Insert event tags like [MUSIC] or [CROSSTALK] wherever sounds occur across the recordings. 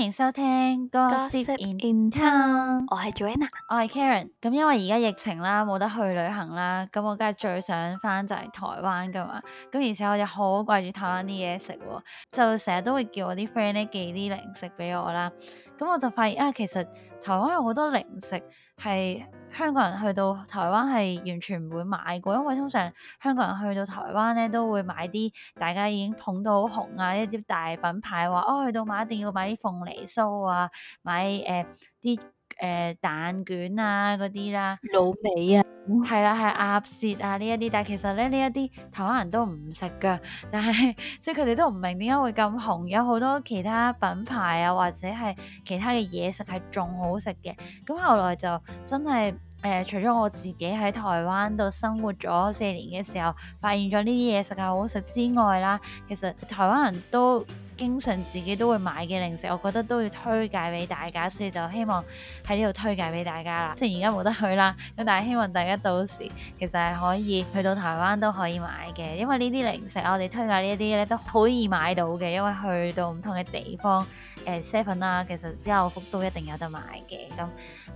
歡迎收聽《Gossip 我係 Joanna，我係 Karen。咁因為而家疫情啦，冇得去旅行啦，咁我梗係最想翻就係台灣噶嘛。咁而且，我又好掛住台灣啲嘢食，啊，就成日都會叫我啲 friend 咧寄啲零食俾我啦。咁我就發現啊，其實台灣有好多零食係。香港人去到台灣係完全唔會買過，因為通常香港人去到台灣呢都會買啲大家已經捧到好紅啊，一啲大品牌話，哦，去到買一定要買啲鳳梨酥啊，買誒啲。呃誒、呃、蛋卷啊嗰啲啦，滷味啊，係啦係鴨舌啊呢一啲，但係其實咧呢一啲台灣人都唔食噶，但係即係佢哋都唔明點解會咁紅，有好多其他品牌啊或者係其他嘅嘢食係仲好食嘅，咁後來就真係誒、呃、除咗我自己喺台灣度生活咗四年嘅時候，發現咗呢啲嘢食係好食之外啦，其實台灣人都，經常自己都會買嘅零食，我覺得都要推介俾大家，所以就希望喺呢度推介俾大家啦。雖然而家冇得去啦，咁但係希望大家到時其實係可以去到台灣都可以買嘅，因為呢啲零食我哋推介呢一啲咧都好易買到嘅，因為去到唔同嘅地方誒 seven、呃、啦，其實家樂福都一定有得買嘅，咁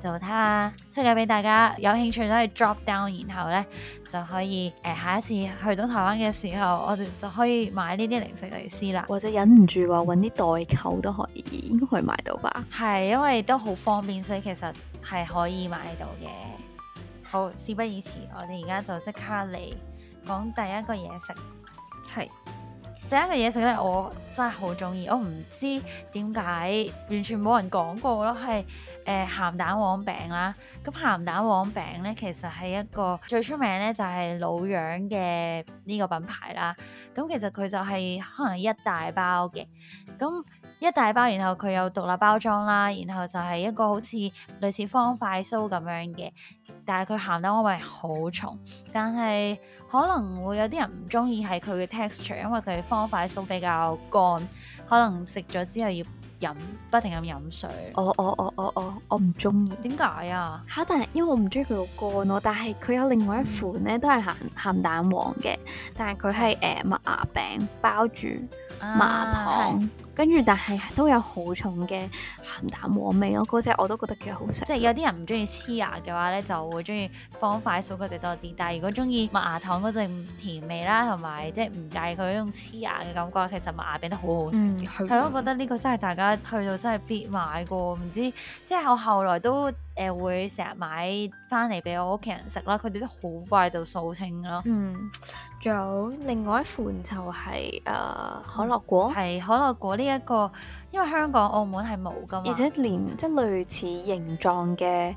就睇下推介俾大家，有興趣都可以 drop down，然後呢。就可以，誒、呃，下一次去到台灣嘅時候，我哋就可以買呢啲零食嚟試啦，或者忍唔住話揾啲代購都可以，應該可以買到吧？係，因為都好方便，所以其實係可以買到嘅。好，事不宜遲，我哋而家就即刻嚟講第一個嘢食，係。第一個嘢食咧，我真係好中意。我唔知點解，完全冇人講過咯。係誒、呃、鹹蛋黃餅啦。咁鹹蛋黃餅咧，其實係一個最出名咧，就係老楊嘅呢個品牌啦。咁其實佢就係、係、可能一大包嘅。咁一大包，然後佢有獨立包裝啦，然後就係一個好似類似方塊酥咁樣嘅，但係佢鹹得我味好重，但係可能會有啲人唔中意係佢嘅 texture，因為佢方塊酥比較乾，可能食咗之後要。飲不停咁飲水，我我我我我我唔中意，點解啊？嚇！但係因為我唔中意佢好乾咯，但係佢有另外一款咧，都係鹹鹹蛋黃嘅，但係佢係誒麥芽餅包住麥芽糖，跟住、啊、但係都有好重嘅鹹蛋黃味咯。嗰隻我都覺得幾好食。即係有啲人唔中意黐牙嘅話咧，就會中意方塊酥嗰隻多啲。但係如果中意麥芽糖嗰陣甜味啦，同埋即係唔介意佢嗰種黐牙嘅感覺，其實麥芽餅都好好食。係咯，覺得呢個真係大家。去到真係必買噶，唔知即係我後來都誒、呃、會成日買翻嚟俾我屋企人食啦，佢哋都好快就掃清咯。嗯，仲有另外一款就係、是、誒、呃、可樂果，係、嗯、可樂果呢、這、一個，因為香港澳門係冇噶嘛，而且連即係類似形狀嘅誒呢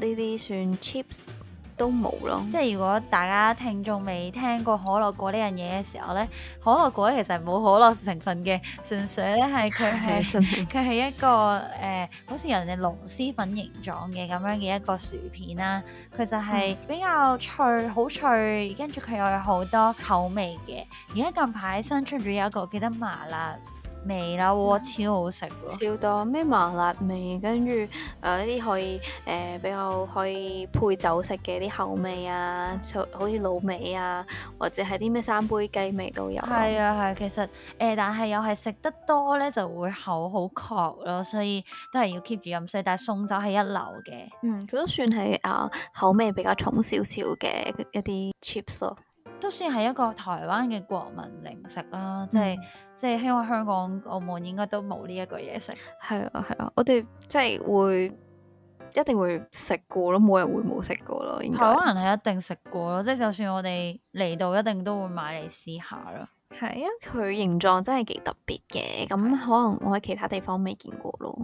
啲算 chips。都冇咯！即係如果大家聽眾未聽過可樂果呢樣嘢嘅時候呢，可樂果其實冇可樂成分嘅，純粹咧係佢係佢係一個誒、呃，好似人哋龍蝨粉形狀嘅咁樣嘅一個薯片啦，佢就係比較脆，好脆，跟住佢又有好多口味嘅。而家近排新出咗有一個，記得麻辣味啦，哇，超好食喎！超多咩麻辣味，跟住誒啲可以誒、呃、比較可以配酒食嘅啲口味啊，好似滷味啊，或者係啲咩三杯雞味都有。係啊係，其實誒，但係又係食得多咧就會口好渴咯，所以都係要 keep 住飲水。但係餸酒係一流嘅。嗯，佢都算係啊、呃、口味比較重少少嘅一啲 chips 囉。都算係一個台灣嘅國民零食啦，嗯、即係即係，因為香港澳門應該都冇呢一個嘢食。係啊，係啊，我哋即係會一定會食過咯，冇人會冇食過咯。台灣人係一定食過咯，即係就算我哋嚟到一定都會買嚟試下咯。係啊，佢形狀真係幾特別嘅，咁可能我喺其他地方未見過咯。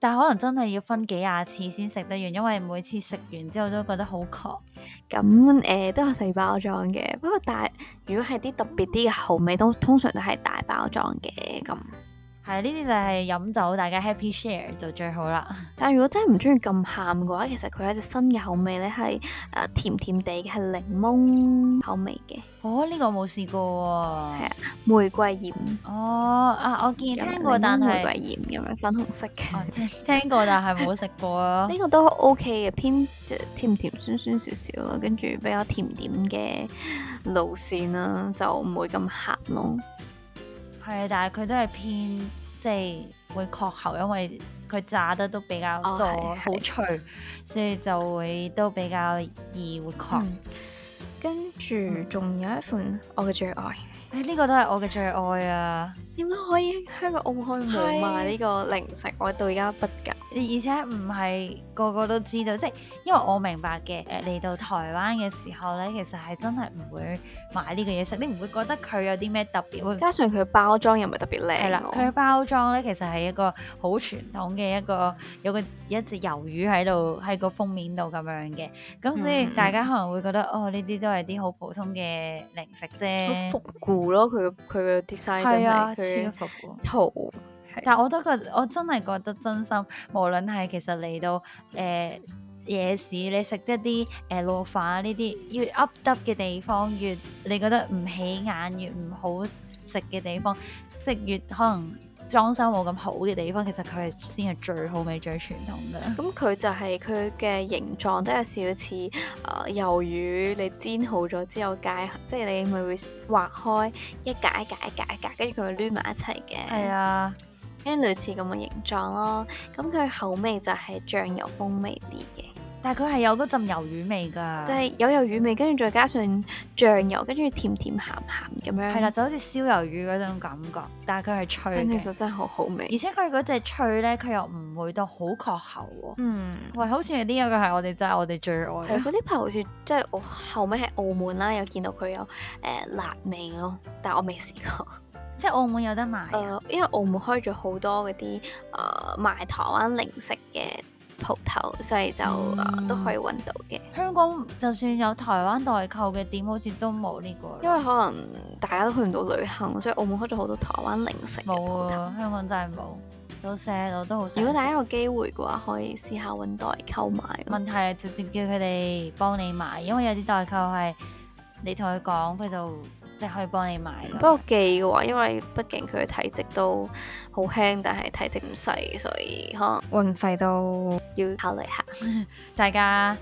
但係可能真係要分幾廿次先食得完，因為每次食完之後都覺得好渴。咁誒、呃，都係細包裝嘅，不過大如果係啲特別啲嘅口味，都通常都係大包裝嘅咁。係呢啲就係飲酒，大家 happy share 就最好啦。但係如果真係唔中意咁鹹嘅話，其實佢有一隻新嘅口味咧，係誒、呃、甜甜地，係檸檬口味嘅。哦，呢、這個我冇試過喎、啊。啊，玫瑰鹽。哦啊，我見聽過，但係玫瑰鹽咁樣粉紅色嘅？聽過，但係冇食過啊。呢 [LAUGHS] 個都 OK 嘅，偏甜甜酸酸少少咯，跟住比較甜點嘅路線啦、啊，就唔會咁鹹咯。係，但係佢都係偏即係會確喉，因為佢炸得都比較多，好、哦、脆，所以就會都比較易會確、嗯，跟住仲、嗯、有一款我嘅最愛。呢、欸呢個都係我嘅最愛啊！點解可以香港澳門冇賣呢個零食？我到而家不解。而且唔係個個都知道，即係因為我明白嘅。誒嚟到台灣嘅時候呢，其實係真係唔會買呢個嘢食。你唔會覺得佢有啲咩特別？加上佢包裝又唔係特別靚、啊。係啦，佢包裝呢，其實係一個好傳統嘅一個有一個一隻魷魚喺度喺個封面度咁樣嘅。咁所以大家可能會覺得、嗯、哦，呢啲都係啲好普通嘅零食啫。好復古。咯佢佢嘅 design 真係、啊、的超服，圖，啊、但係我都覺我真係覺得真心，無論係其實嚟到誒夜、呃、市，你食一啲誒、呃、路飯呢啲越凹凸嘅地方，越你覺得唔起眼，越唔好食嘅地方，即係越可能。裝修冇咁好嘅地方，其實佢係先係最好味最傳統嘅。咁佢就係佢嘅形狀都有少少似誒魷魚，你煎好咗之後解，即係你咪會劃開一格一格一格一格，跟住佢會攣埋一齊嘅。係啊，跟類似咁嘅形狀咯。咁佢口味就係醬油風味啲嘅。但係佢係有嗰陣魷魚味㗎，就係有魷魚味，跟住再加上醬油，跟住甜甜鹹鹹咁樣，係啦，就好似燒魷魚嗰種感覺。但係佢係脆嘅，其實，真係好好味。而且佢嗰隻脆咧，佢又唔會到好確口喎。嗯，喂，好似啲嘢佢係我哋真係我哋最愛。係嗰啲排好似即係我後尾喺澳門啦、啊，有見到佢有誒、呃、辣味咯，但我未試過。即係澳門有得買、呃、因為澳門開咗好多嗰啲誒賣台灣零食嘅鋪頭，所以就、嗯、都可以揾到嘅。香港就算有台灣代購嘅店，好似都冇呢個，因為可能大家都去唔到旅行，所以澳門開咗好多台灣零食店。冇啊，鋪頭。香港真係冇，老都少，都好少。如果大家有機會嘅話，可以試下揾代購買。問題係直接叫佢哋幫你買，因為有啲代購係你同佢講，佢就。即可以幫你買。不過寄嘅話，因為畢竟佢嘅體積都好輕，但係體積唔細，所以可能運費都要考慮下。 [LAUGHS] 大家。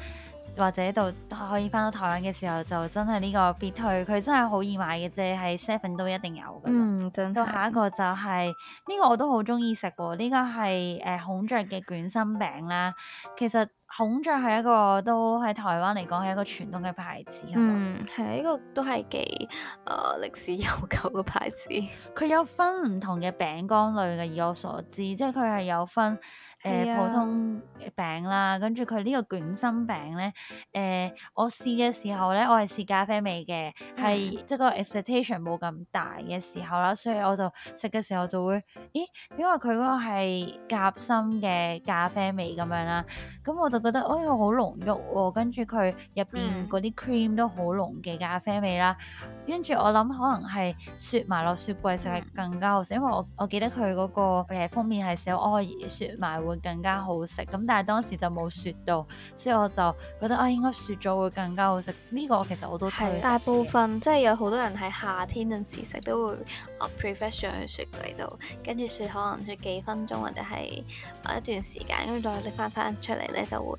或者到可以翻到台灣嘅時候，就真係呢個必推，佢真係好易買嘅啫，喺 Seven 都一定有㗎。嗯，到下一個就係、是、呢、這個我都好中意食喎，呢、這個係誒、呃、孔雀嘅捲心餅啦。其實孔雀係一個都喺台灣嚟講係一個傳統嘅牌子，嗯，係啊吧，呢、嗯這個都係幾誒歷史悠久嘅牌子。佢有分唔同嘅餅乾類嘅，以我所知，即係佢係有分。誒、嗯、普通餅啦，跟住佢呢個卷心餅咧，誒、呃、我試嘅時候咧，我係試咖啡味嘅，係即係個 expectation 冇咁大嘅時候啦，所以我就食嘅時候就會，咦，因為佢嗰個係夾心嘅咖啡味咁樣啦，咁我就覺得，哦、哎，呀好濃郁喎、啊，跟住佢入邊嗰啲 cream 都好濃嘅咖啡味啦， [LAUGHS] 跟住我諗可能係雪埋落雪櫃食係更加好食，因為我我記得佢嗰個誒封面係寫，哦，雪埋喎。更加好食，咁但係當時就冇雪到，所以我就覺得啊，應該雪咗會更加好食。呢個我其實我都睇，大部分即係、就是、有好多人喺夏天嗰陣時食都會 professional 去雪櫃度，跟住雪可能雪幾分鐘或者係、呃、一段時間，跟住再搦翻翻出嚟呢，就會誒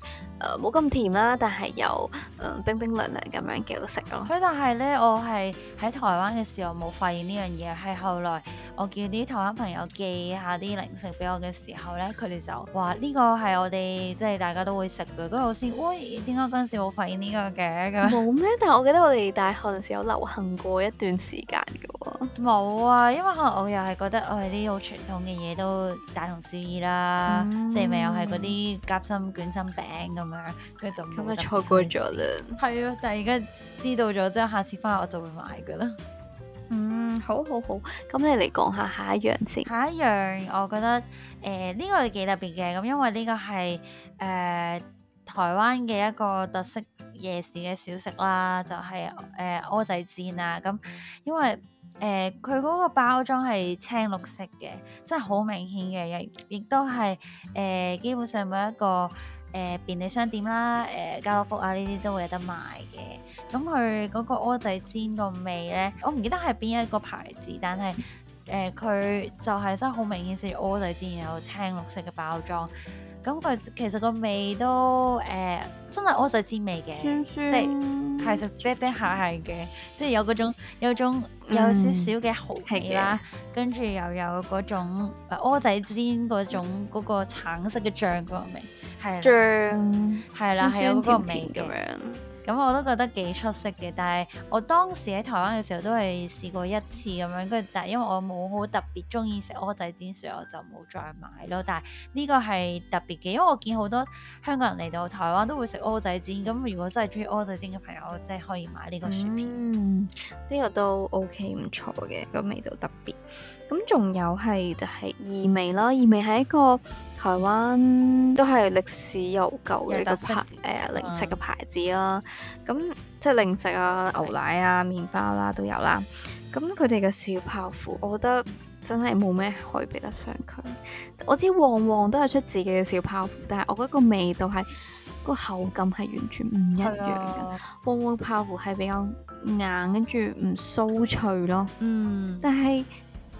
冇咁甜啦，但係又、呃、冰冰涼涼咁樣幾好食咯。係，但係呢，我係喺台灣嘅時候冇發現呢樣嘢，係後來我叫啲台灣朋友寄下啲零食俾我嘅時候呢，佢哋就。哇！呢、這個係我哋即係大家都會食嘅，都好先。喂，點解嗰陣時冇發現呢個嘅咁？冇咩？但我記得我哋大學嗰陣時有流行過一段時間嘅喎、哦。冇啊，因為可能我又係覺得，我哋啲好傳統嘅嘢都大同小異啦。嗯、即係咪又係嗰啲夾心卷心餅咁樣，跟住、嗯、就咁就錯過咗啦。係啊，但係而家知道咗，即係下次翻學我就會買嘅啦。嗯，好好好，好。咁你嚟講下下一樣先。下一樣，我覺得。誒呢、呃呢個係幾特別嘅，咁因為呢個係誒、呃、台灣嘅一個特色夜市嘅小食啦，就係誒蚵仔煎啊，咁、嗯、因為誒佢嗰個包裝係青綠色嘅，真係好明顯嘅，亦亦都係誒、呃、基本上每一個誒、呃、便利商店啦、誒家樂福啊呢啲都會有得賣嘅。咁佢嗰個蚵仔煎個味咧，我唔記得係邊一個牌子，但係。誒佢就係真係好明顯似蚵仔煎有青綠色嘅包裝，咁佢其實個味都誒、欸，真係蚵仔煎味嘅，酸酸即係係食啤啤下係嘅，即係、就是、有嗰種有種有少少嘅蠔味啦，嗯、跟住又有嗰種誒蚵仔煎嗰種嗰、那個橙色嘅醬嗰酸個味，係醬係啦，係嗰個味咁樣。咁、嗯、我都覺得幾出色嘅，但係我當時喺台灣嘅時候都係試過一次咁樣，跟住但係因為我冇好特別中意食蚵仔煎，所以我就冇再買咯。但係呢個係特別嘅，因為我見好多香港人嚟到台灣都會食蚵仔煎，咁如果真係中意蚵仔煎嘅朋友，我真係可以買呢個薯片。嗯，呢、呢個都 OK，唔錯嘅，個味道特別。咁仲有係就係義美啦，義美係一個台灣都係歷史悠久嘅一個牌誒、呃、零食嘅牌子啦。咁、嗯、即係零食啊、牛奶啊、麵包啦、啊、都有啦。咁佢哋嘅小泡芙，我覺得真係冇咩可以比得上佢。我知旺旺都係出自己嘅小泡芙，但係我覺得個味道係、個口感係完全唔一樣嘅。旺旺、啊、泡芙係比較硬，跟住唔酥脆咯。嗯，但係。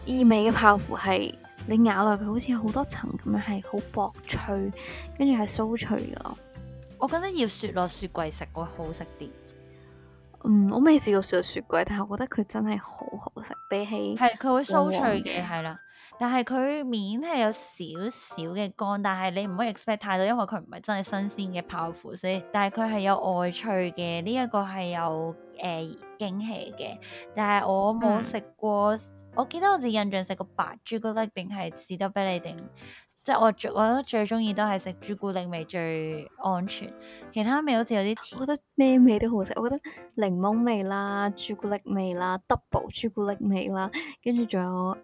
意味嘅泡芙係你咬落去好似有好多層咁樣，係好薄脆，跟住係酥脆嘅。我覺得要雪落雪櫃食會好食啲。嗯，我未試過雪落雪櫃，但係我覺得佢真係好好食，比起係佢會酥脆嘅，係啦。但係佢面係有少少嘅乾，但係你唔可以 expect 太多，因為佢唔係真係新鮮嘅泡芙先。但係佢係有外脆嘅，呢一個係有。誒、呃、驚喜嘅，但係我冇食過。嗯、我記得我哋印象食過白朱古力定係士多啤梨定，即係我最我覺得最中意都係食朱古力味最安全。其他味好似有啲甜。我覺得咩味都好食。我覺得檸檬味啦、朱古力味啦、double 朱古力味啦，跟住仲有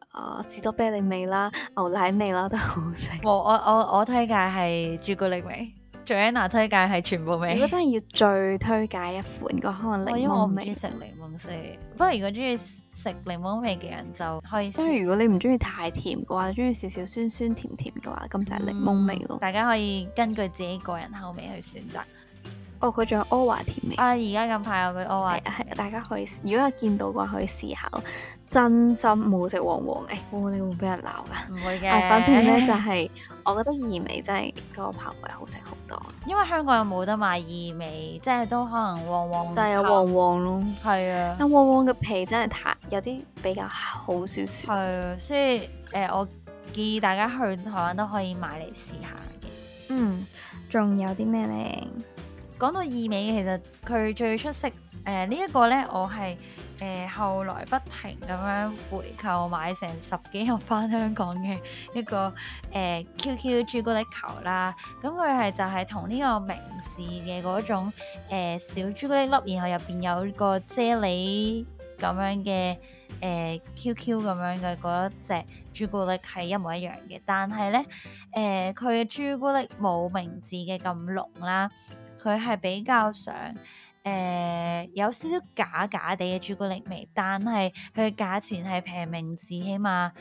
誒士多啤梨味啦、牛奶味啦都好食。我我我我推介係朱古力味。Joanna 推介係全部味。如果真係要最推介一款，個可能因為我唔中意食檸檬味。哦、檸檬味，不過如果中意食檸檬味嘅人就可以。因為如果你唔中意太甜嘅話，中意少少酸酸甜甜嘅話，咁就係檸檬味咯、嗯。大家可以根據自己個人口味去選擇。哦，佢仲有阿華甜味啊！而家近排有佢阿華，係係大家可以如果有見到嘅話可以試下咯，真心冇食旺旺嘅，欸、你會唔會會俾人鬧噶？唔會嘅，反正咧就係、是， [LAUGHS] 我覺得義美真係嗰個泡芙好食好多。因為香港又冇得買義美，即、就、係、是、都可能旺旺，但係有旺旺咯。係啊的，但旺旺嘅皮真係太有啲比較好少少。係啊，所以誒、呃，我建議大家去台灣都可以買嚟試下嘅。嗯，仲有啲咩咧？講到意味，其實佢最出色誒呢一個呢，我係誒、呃、後來不停咁樣回購買成十幾盒翻香港嘅一個誒、呃、QQ 朱古力球啦。咁佢係就係同呢個名字嘅嗰種、呃、小朱古力粒，然後入邊有個啫喱咁樣嘅誒、呃、QQ 咁樣嘅嗰一隻朱古力係一模一樣嘅，但係呢，誒佢嘅朱古力冇名字嘅咁濃啦。佢係比較想誒、呃、有少少假假地嘅朱古力味，但係佢價錢係平明治，起碼誒、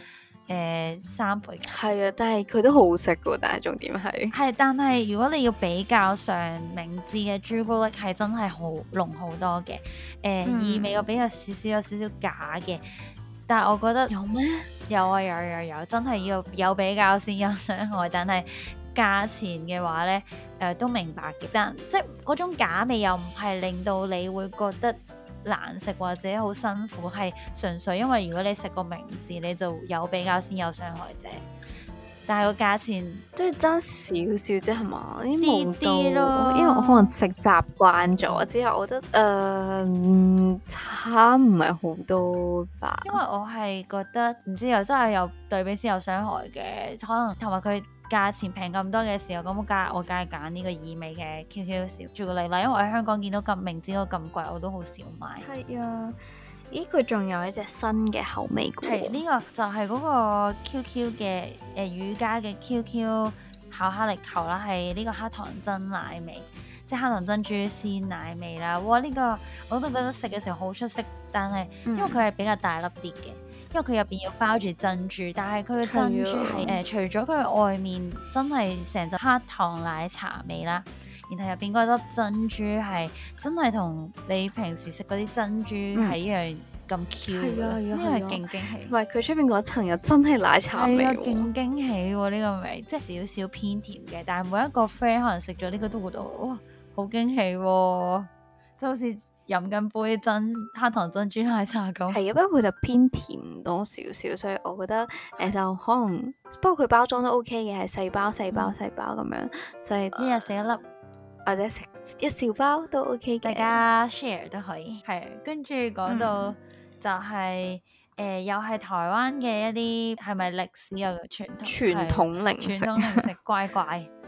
呃、三倍。係啊，但係佢都好食嘅，但係重點係。係，但係如果你要比較上明治嘅朱古力，係真係好濃好多嘅，誒、呃，意味我比較少少有少少假嘅，但係我覺得有咩嗎、啊？有啊，有啊有、啊、有，真係要有比較先有傷害，但係。價錢嘅話呢，誒、呃、都明白嘅，但即係嗰種假味又唔係令到你會覺得難食或者好辛苦，係純粹因為如果你食個名字，你就有比較先有傷害啫。但係個價錢即係爭少少啫，係嘛？呢啲咯，因為我可能食習慣咗之後，我覺得誒、呃、差唔係好多吧。因為我係覺得唔知又真係有對比先有傷害嘅，可能同埋佢。價錢平咁多嘅時候，咁我梗我梗係揀呢個異味嘅 QQ 小，朱古力啦，因為我喺香港見到咁明知我咁貴，我都好少買。係啊，咦，佢仲有一隻新嘅口味罐。呢、呢個就係嗰個 QQ 嘅誒乳加嘅 QQ 巧克力球啦，係呢個黑糖珍珠奶味，即係黑糖珍珠鮮奶味啦。哇，呢、呢個我都覺得食嘅時候好出色，但係、嗯、因為佢係比較大粒啲嘅。因為佢入邊要包住珍珠，但係佢嘅珍珠係誒，的呃、除咗佢外面 [NOISE] 真係成隻黑糖奶茶味啦，然後入邊嗰粒珍珠係真係同你平時食嗰啲珍珠係一樣咁 Q，因為勁驚喜。唔係佢出邊嗰層又真係奶茶味，勁驚喜呢、這個味，即係少少偏甜嘅，但係每一個 friend 可能食咗呢個都覺得哇，好驚喜，就好似。飲緊杯真黑糖珍珠奶茶咁，係啊，不過佢就偏甜多少少，所以我覺得誒就可能，不過佢包裝都 OK 嘅，係細包細包細包咁樣，所以聽日食一粒、啊、或者食一小包都 OK，大家 share 都可以。係，跟住講到就係、是、誒、嗯呃，又係台灣嘅一啲係咪歷史又傳統傳統零食，傳統零食，乖乖。 [LAUGHS]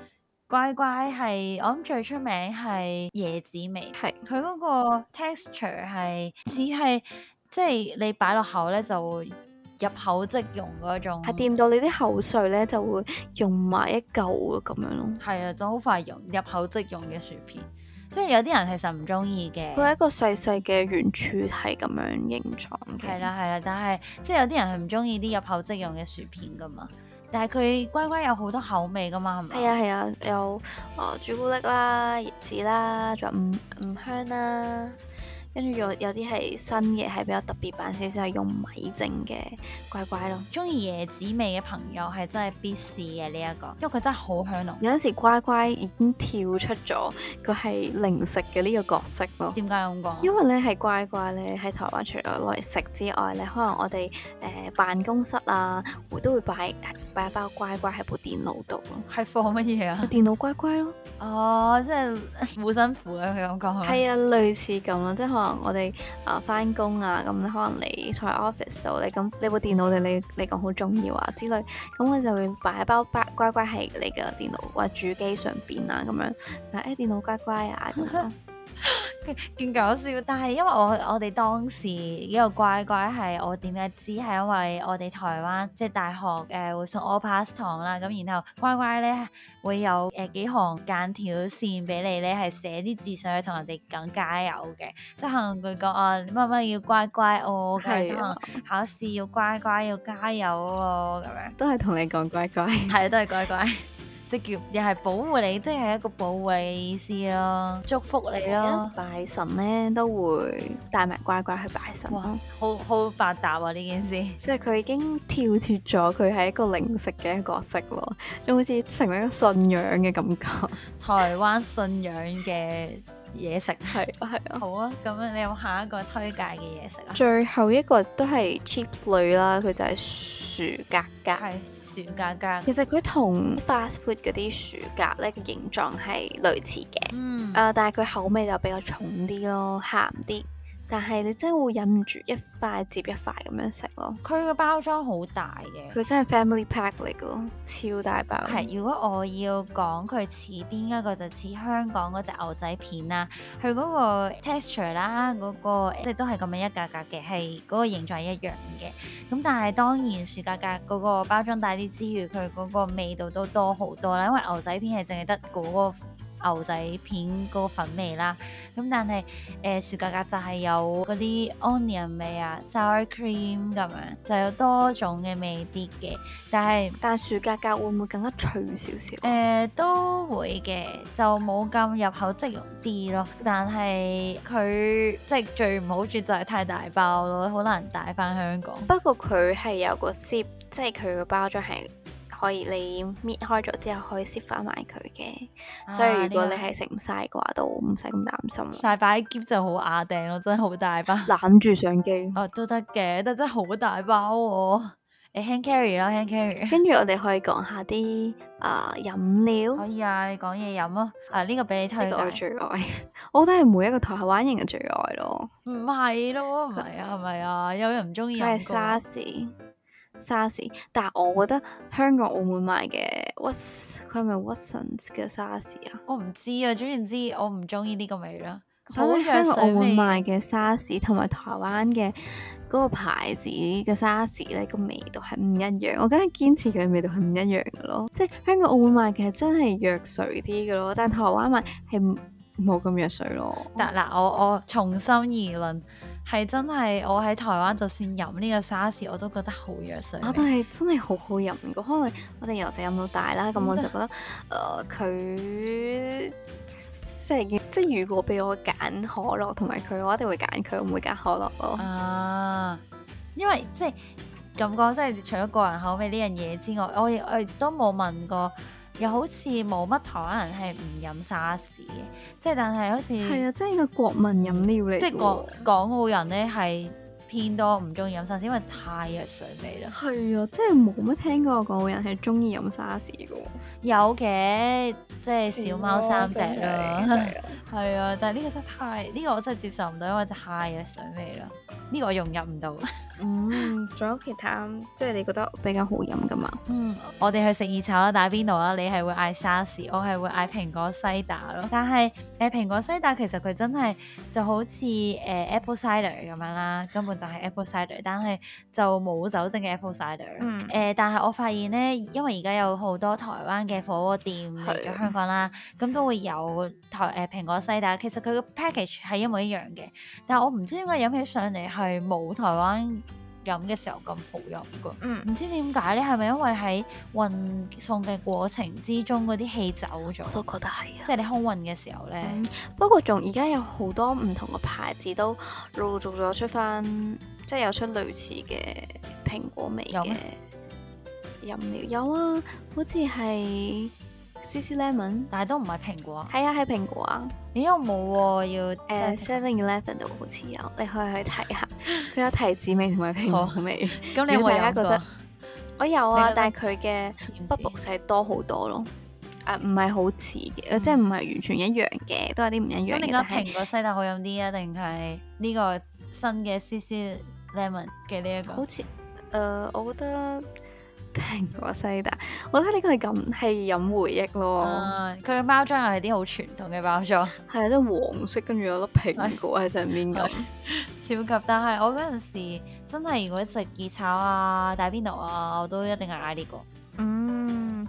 乖乖係，我諗最出名係椰子味。係，佢嗰個 texture 係只係即係你擺落口咧就入口即溶嗰種，係掂到你啲口水咧就會溶埋一嚿咁樣咯。係啊，就好快溶入口即溶嘅薯片，即係有啲人其實唔中意嘅。佢係一個細細嘅圓柱體咁樣形狀嘅。係啦，係啦，但係即係有啲人係唔中意啲入口即溶嘅薯片噶嘛。但係佢乖乖有好多口味噶嘛，係咪？係啊係啊，有、哦、朱古力啦、椰子啦，仲有五五香啦。跟住有有啲係新嘅係比較特別版，少少係用米整嘅乖乖咯。中意椰子味嘅朋友係真係必試嘅呢一個，因為佢真係好香濃。有陣時乖乖已經跳出咗佢係零食嘅呢個角色咯。點解咁講？因為咧係乖乖咧喺台灣除咗攞嚟食之外咧，可能我哋誒、呃、辦公室啊都會擺擺一包乖乖喺部電腦度咯。係放乜嘢啊？電腦乖乖咯。哦，即係好辛苦嘅佢咁講。係啊，類似咁啊，即係可能。 [NOISE] [NOISE] 嗯、我哋啊翻工啊，咁可能你坐喺 office 度，你咁你部電腦對你嚟講好重要啊之類，咁我就會擺一包包乖乖喺你嘅電腦，或主機上邊啊咁樣，嗱，誒、欸，電腦乖乖啊咁樣。 [LAUGHS] 勁搞笑，但係因為我我哋當時呢個乖乖係我點解知係因為我哋台灣即係、就是、大學誒、呃、會送 All Pass 堂啦，咁然後乖乖咧會有誒、呃、幾行間條線俾你咧係寫啲字上去同人哋講加油嘅，即係可能佢講啊乜乜要乖乖我，哦、考試要乖乖要加油啊、哦、咁樣，都係同你講乖乖，係 [LAUGHS] 都係乖乖。又係保護你，即係一個保護嘅意思咯，祝福你咯。嗯嗯、拜神咧都會帶埋乖乖去拜神。哇，好好發達啊！呢件事，即係佢已經跳脱咗，佢係一個零食嘅角色咯，仲好似成為一個信仰嘅感覺。台灣信仰嘅嘢食，係啊係啊。啊好啊，咁啊，你有冇下一個推介嘅嘢食啊？最後一個都係 cheap 類啦，佢就係薯格格。短夾夾，其實佢同 fast food 嗰啲薯格呢嘅形狀係類似嘅，嗯呃，但係佢口味就比較重啲咯，鹹啲。但係你真係會忍唔住一塊接一塊咁樣食咯。佢個包裝好大嘅，佢真係 family pack 嚟嘅咯，超大包。係，如果我要講佢似邊一個，就似香港嗰隻牛仔片啦。佢嗰個 texture 啦，嗰、嗰個即係都係咁樣一格格嘅，係嗰個形狀一樣嘅。咁但係當然，薯格格嗰個包裝大啲之餘，佢嗰個味道都多好多啦。因為牛仔片係淨係得嗰個。牛仔片嗰個粉味啦，咁、嗯、但係誒、呃、薯格格就係有嗰啲 onion 味啊，sour [LAUGHS] cream 咁樣，就有多種嘅味啲嘅。但係但係薯格格會唔會更加脆少少？誒、呃、都會嘅，就冇咁入口即溶啲咯。但係佢即係最唔好處就係太大包咯，好難帶翻香港。不過佢係有個 zip 即係佢嘅包裝係。可以你搣開咗之後可以 share 埋佢嘅，所以如果你係食唔晒嘅話，都唔使咁擔心。大包嘅就好雅定咯，真係好大包，攬住相機。哦、啊，都得嘅，但真係好大包、啊。你 hand carry 啦 hand carry。跟住我哋可以講下啲啊飲料，可以啊，講嘢飲咯。啊呢、這個俾你聽，呢個係最愛， [LAUGHS] 我覺得係每一個台灣人嘅最愛咯。唔係咯，唔係是啊，係咪啊,是啊？有人唔中意飲。係沙士。沙士，但係我覺得香港澳門賣嘅 what，佢係咪 Watsons 嘅沙士啊？我唔知啊，總之我唔中意呢個味啦。反正香港澳門賣嘅沙士同埋台灣嘅嗰個牌子嘅沙士咧，個味道係唔一樣。我梗係堅持佢味道係唔一樣嘅咯。即係香港澳門賣嘅真係藥水啲嘅咯，但係台灣賣係冇咁藥水咯。嗱嗱，我我重新而論。係真係，我喺台灣就算飲呢個沙士，我都覺得好弱水。我都係真係好好飲噶，可能我哋由細飲到大啦，咁我就覺得，誒佢、 [LAUGHS] 呃、即係即係如果俾我揀可樂同埋佢，我一定會揀佢，唔會揀可樂咯。啊！因為即係咁講即係除咗個人口味呢樣嘢之外，我我亦都冇問過。又好似冇乜台灣人係唔飲沙士嘅，即係但係好似係啊，即係個國民飲料嚟，即係港港澳人咧係偏多唔中意飲沙士，因為太藥水味啦。係啊，即係冇乜聽過港澳人係中意飲沙士嘅。有嘅，即、就、係、是、小貓三隻咯，啊，係啊，但係呢個真係太呢、這個我真係接受唔到，因為太嘅水味啦，呢、這個我融入唔到。 [LAUGHS] 嗯，仲有其他即係、就是、你覺得比較好飲噶嘛？嗯，我哋去食意炒啦，打邊爐啦，你係會嗌沙士，我係會嗌蘋果西打咯。但係誒、呃、蘋果西打其實佢真係就好似誒、呃、Apple cider 咁樣啦，根本就係 Apple cider，但係就冇酒精嘅 Apple cider。嗯。呃、但係我發現咧，因為而家有好多台灣嘅嘅火鍋店嚟咗香港啦，咁是的、啊、都會有台誒蘋、呃、果西打，其實佢個 package 係一模一樣嘅，但係我唔知點解飲起上嚟係冇台灣飲嘅時候咁好飲噶，唔、嗯、知點解咧，係咪因為喺運送嘅過程之中嗰啲氣走咗？我都覺得係啊，即係你空運嘅時候咧、嗯。不過仲而家有好多唔同嘅牌子都陸陸續續出翻，即、就、係、是、有出類似嘅蘋果味嘅。飲料有啊，好似係 CC Lemon，但係都唔係蘋果。係啊，係蘋果啊。咦，我冇喎、啊，要誒 Seven Eleven 度好似有，你可以去睇下。佢 [LAUGHS] 有提子味同埋蘋果味。咁好 [LAUGHS] 你有冇飲過？我有啊，但係佢嘅 bubble 細多好多咯。啊，唔係好似嘅，即係唔係完全一樣嘅，嗯、都有啲唔一樣嘅。你覺得蘋果西帶好飲啲啊，定係呢個新嘅 CC Lemon 嘅呢一個？好似誒、呃，我覺得。蘋果西打，我睇呢個係咁係飲回憶咯。佢嘅，uh, 包裝又係啲好傳統嘅包裝，係啲 [LAUGHS] 黃色，跟住有粒蘋果喺上面嘅， [LAUGHS] 超級。 [LAUGHS] 但係我嗰陣時真係，如果食熱炒啊、大邊爐啊，我都一定嗌呢、這個。嗯，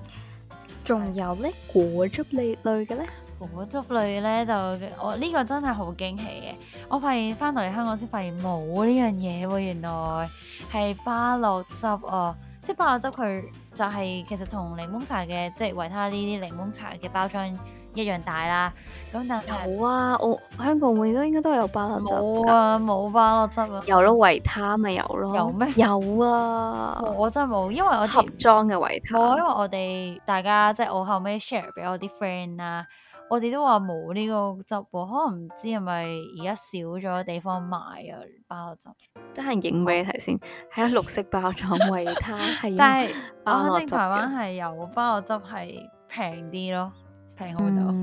仲有咧果汁類類嘅咧？果汁類咧就我呢、這個真係好驚喜嘅，我發現翻到嚟香港先發現冇呢樣嘢喎，原來係芭樂汁啊。即係菠蘿汁，佢就係其實同檸檬茶嘅，即係維他呢啲檸檬茶嘅包裝一樣大啦，咁但係有啊，我香港我應該應該都有菠蘿汁。冇啊，冇菠蘿汁啊。有咯，維他咪有咯。有咩？有啊，我真係冇，因為我合裝嘅維他。冇啊，因為我哋大家，即係我後尾 share 俾我啲 friend 啊。我哋都話冇呢個汁喎，哦，可能唔知係咪而家少咗地方賣啊？芭樂汁得閒影俾你睇先，喺綠色包裝維他係。 [LAUGHS] 但係，我肯定台灣係有芭樂汁，係平啲咯，平好多。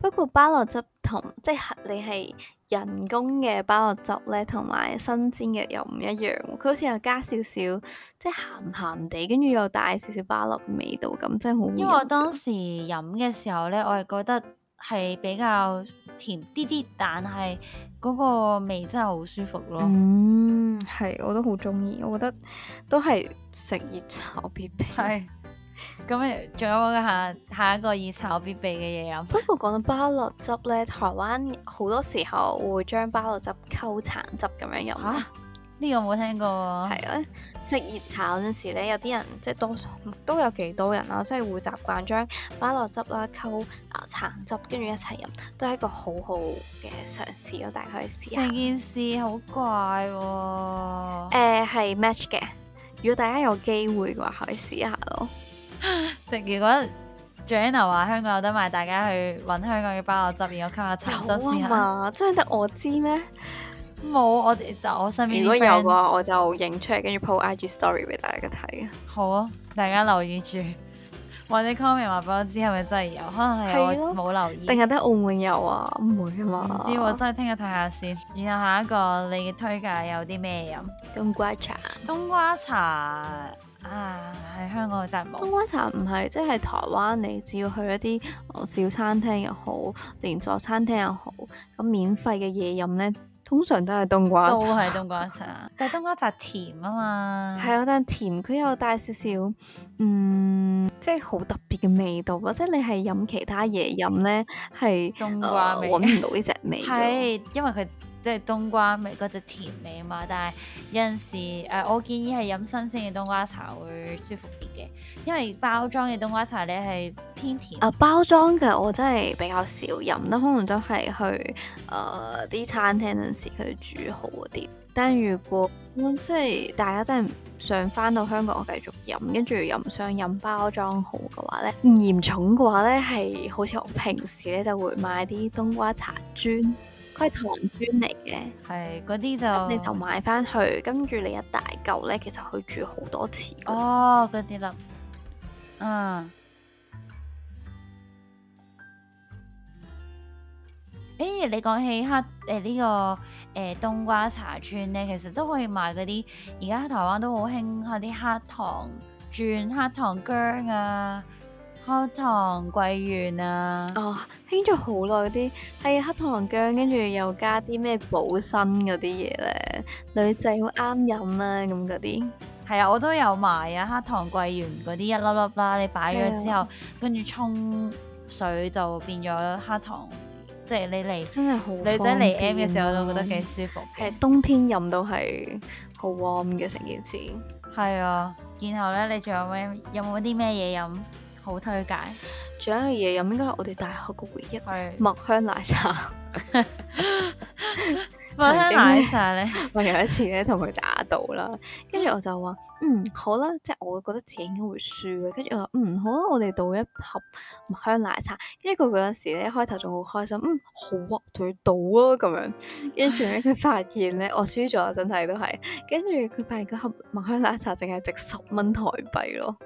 不過芭樂汁同即係你係人工嘅芭樂汁咧，同埋新鮮嘅又唔一樣。佢好似又加少少即係鹹鹹地，跟住又帶少少芭樂味道咁，真係好。因為我當時飲嘅時候咧，我係覺得。係比較甜啲啲，但係嗰個味真係好舒服咯。嗯，係，我都好中意，我覺得都係食熱炒必備。係，咁仲有冇下下一個熱炒必備嘅嘢飲？ [LAUGHS] 不過講到芭樂汁呢，台灣好多時候會將芭樂汁溝橙汁咁樣飲。啊。呢個冇聽過喎。啊，食熱炒嗰陣時咧，有啲人即係多數都有幾多人啦，即係會習慣將芭樂汁啦、溝啊、呃、橙汁跟住一齊飲，都係一個好好嘅嘗試咯。大家可以試下。成件事好怪喎，啊。誒、呃，係 match 嘅。如果大家有機會嘅話，可以試下咯。 [LAUGHS] 即如果 Jenna 話香港有得賣，大家去揾香港嘅芭樂汁，然後溝下橙汁、啊、試下。有嘛？真係得我知咩？冇我哋，就我身邊如果有嘅話，我就影出嚟，跟住 po I G story 俾大家睇。好啊，大家留意住，或者 comment 話俾我知，係咪真係有？可能係我冇、啊、留意，定係得澳門有啊？唔會係嘛？唔知喎，真係聽日睇下先。然後下一個你推介有啲咩飲？冬瓜茶，冬瓜茶啊，喺香港真係冇。冬瓜茶唔係即係台灣，你只要去一啲小餐廳又好，連鎖餐廳又好，咁免費嘅嘢飲咧。通常都係冬瓜，都係冬瓜茶，但冬瓜茶甜啊嘛，係啊， [LAUGHS] 但甜佢又帶少少，嗯，即係好特別嘅味道，或者你係飲其他嘢飲咧，係冬瓜味揾唔、呃、到呢隻味，係 [LAUGHS] 因為佢。即係冬瓜味嗰隻甜味啊嘛，但係有陣時誒、呃，我建議係飲新鮮嘅冬瓜茶會舒服啲嘅，因為包裝嘅冬瓜茶咧係偏甜。啊，包裝嘅我真係比較少飲啦，可能都係去誒啲、呃、餐廳嗰陣時佢煮好嗰啲。但如果、啊、即係大家真係想返到香港我繼續飲，跟住又唔想飲包裝好嘅話咧，嚴重嘅話咧係好似我平時咧就會買啲冬瓜茶磚。佢係糖磚嚟嘅，係嗰啲就、嗯、你就買翻去，跟住你一大嚿咧，其實可以煮好多次。哦，嗰啲粒，嗯。誒、欸，你講起黑誒呢、呃這個誒、呃、冬瓜茶磚咧，其實都可以買嗰啲，而家喺台灣都好興嗰啲黑糖磚、黑糖薑啊。黑糖桂圓啊！哦，興咗好耐，啲係黑糖薑，跟住又加啲咩補身嗰啲嘢咧。女仔好啱飲啊，咁嗰啲係啊，我都有買啊。黑糖桂圓嗰啲一粒粒啦，你擺咗之後，跟住沖水就變咗黑糖，即係你嚟真係好女仔嚟 M 嘅時候，我都覺得幾舒服。其實冬天飲都係好 warm 嘅成件事。係啊，然後咧，你仲有咩有冇啲咩嘢飲？好推介！仲有一樣嘢飲，應該係我哋大學嘅回憶，是麥香奶茶。 [LAUGHS] [LAUGHS] 麥香奶茶咧， [LAUGHS] [LAUGHS] 我有一次咧同佢打賭啦，跟住我就話：嗯，好啦，即係我覺得自己應該會輸嘅。跟住我話：嗯，好啦，我哋賭一盒麥香奶茶。跟住佢嗰陣時咧，一開頭仲好開心，嗯，好啊，同佢賭啊咁樣。跟住咧，佢發現咧，我輸咗，真係都係。跟住佢發現嗰盒麥香奶茶淨係值十蚊台幣咯。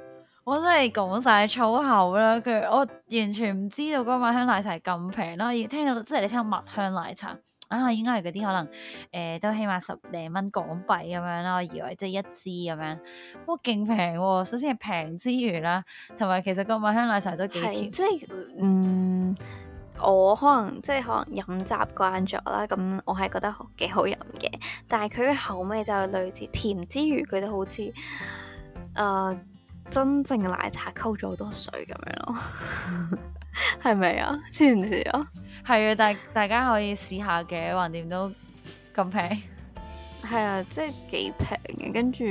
我真係講晒粗口啦！佢我完全唔知道嗰個麥香奶茶咁平啦，而聽到即係你聽麥香奶茶啊，應該係嗰啲可能誒、呃、都起碼十零蚊港幣咁樣咯，我以為即係一支咁樣，哇勁平喎！首先係平之餘啦，同埋其實嗰個麥香奶茶都幾甜。即係嗯，我可能即係可能飲習慣咗啦，咁我係覺得幾好飲嘅，但係佢嘅口味就類似甜之餘，佢都好似誒。真正奶茶溝咗好多水咁樣咯，係 [LAUGHS] 咪啊？知唔知啊？係啊，大大家可以試下嘅，橫掂都咁平，係啊，即係幾平嘅。跟住，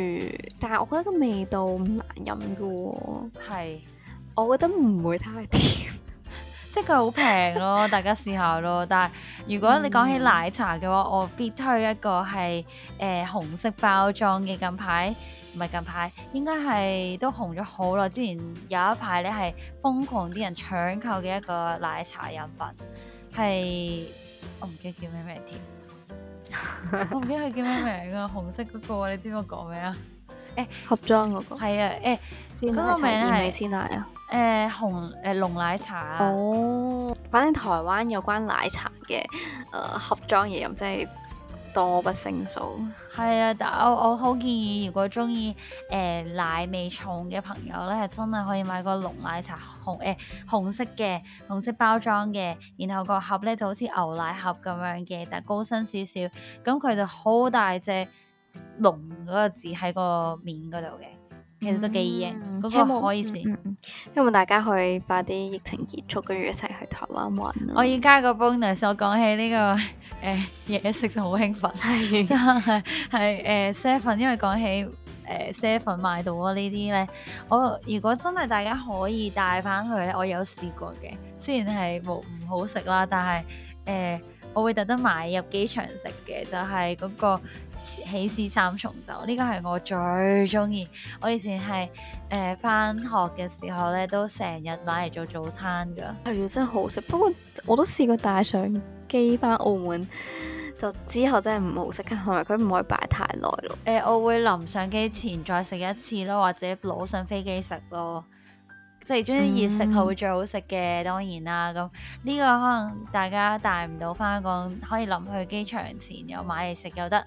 但係我覺得個味道唔難飲嘅喎。係的，我覺得唔會太甜，即係佢好平咯， [LAUGHS] 大家試下咯。但係如果你講起奶茶嘅話，嗯、我必推一個係誒、呃、紅色包裝嘅近排。唔係近排，應該係都紅咗好耐。之前有一排咧係瘋狂啲人搶購嘅一個奶茶飲品，係我唔記得叫咩名添。我唔記得佢叫咩名啊， [LAUGHS] 紅色嗰、嗰個啊，你知我講咩啊？誒、哎，盒裝嗰個。係啊，誒，嗰個名咧係鮮奶啊。誒了、呃、紅誒龍、呃、奶茶啊。哦，反正台灣有關奶茶嘅誒盒裝嘢飲即係。就是多不勝數，係啊！但我我好建議，如果中意誒奶味重嘅朋友咧，係真係可以買個龍奶茶紅誒、欸、紅色嘅紅色包裝嘅，然後個盒咧就好似牛奶盒咁樣嘅，但係高身少少，咁佢就好大隻龍嗰個字喺個面嗰度嘅，其實都幾型，嗰個可以試、嗯嗯。希望大家可以快啲疫情結束，跟住一齊去台灣玩。我而家個 bonus，我講起呢、這個。誒嘢、呃、食就好興奮，係 [LAUGHS] 真係係誒7，呃、7，因為講起誒7買到啊呢啲咧，我如果真係大家可以帶翻去咧，我有試過嘅，雖然係冇唔好食啦，但係誒、呃、我會特登買入機場食嘅，就係、是、嗰個起司三重奏，呢、這個係我最中意，我以前係誒翻學嘅時候咧，都成日買嚟做早餐㗎，係啊真係好食，不過我，我都試過帶上。機翻澳門就之後真係唔好食噶，同埋佢唔會擺太耐咯。誒、欸，我會臨上機前再食一次咯，或者攞上飛機食咯。即係中意熱食係會最好食嘅，嗯、當然啦。咁呢個可能大家帶唔到翻港，可以臨去機場前有買嚟食又得，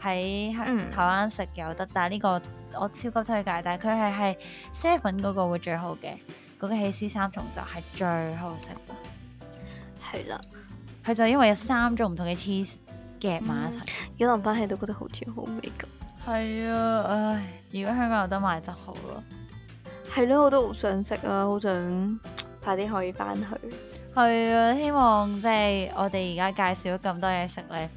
喺台灣食又得。嗯、但係呢個我超級推介，但係佢係係 seven 嗰個會最好嘅，嗰、那個起司三重就係最好食嘅，係啦。佢就因為有三種唔同嘅 cheese 夾埋、嗯、一齊，如果翻去都覺得好似好味咁。係、嗯、啊，唉！如果香港有得買就好咯。係咯、啊，我都好想食啊，好想快啲可以翻去。係啊，希望即係我哋而家介紹咗咁多嘢食咧。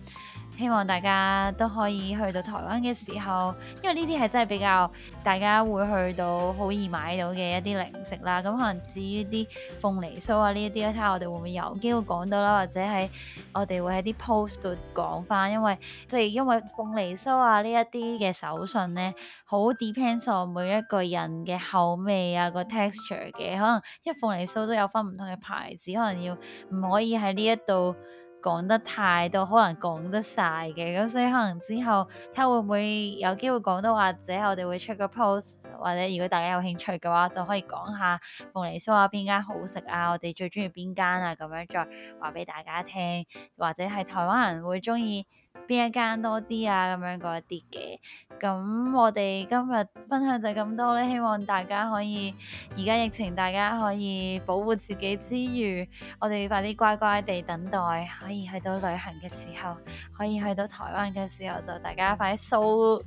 希望大家都可以去到台灣嘅時候，因為呢啲係真係比較大家會去到好易買到嘅一啲零食啦。咁可能至於啲鳳梨酥啊呢一啲咧，睇下我哋會唔會有機會講到啦，或者係我哋會喺啲 post 度講翻，因為即係因為鳳梨酥啊呢一啲嘅手信呢，好 depends on 每一個人嘅口味啊、個 texture 嘅，可能因為鳳梨酥都有分唔同嘅牌子，可能要唔可以喺呢一度。講得太多，可能講得晒嘅，咁所以可能之後睇下會唔會有機會講到，或者我哋會出個 post，或者如果大家有興趣嘅話，就可以講下鳳梨酥啊邊間好食啊，我哋最鍾意邊間啊，咁樣再話俾大家聽，或者係台灣人會鍾意，邊一間多啲啊？咁樣嗰一啲嘅，咁我哋今日分享就咁多咧，希望大家可以而家疫情大家可以保護自己之餘，我哋快啲乖乖地等待，可以去到旅行嘅時候，可以去到台灣嘅時候，就大家快啲掃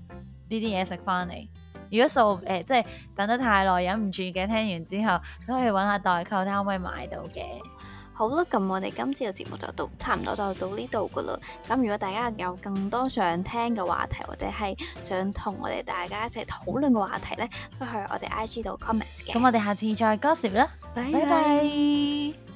呢啲嘢食翻嚟。如果掃誒即係等得太耐忍唔住嘅，聽完之後都可以揾下代購睇下可唔可以買到嘅。好啦，咁我哋今次嘅節目就到差唔多就到呢度噶啦。咁如果大家有更多想聽嘅話題，或者係想同我哋大家一齊討論嘅話題呢，都去我哋 IG 度 comment 嘅。咁我哋下次再 gossip 啦，拜拜。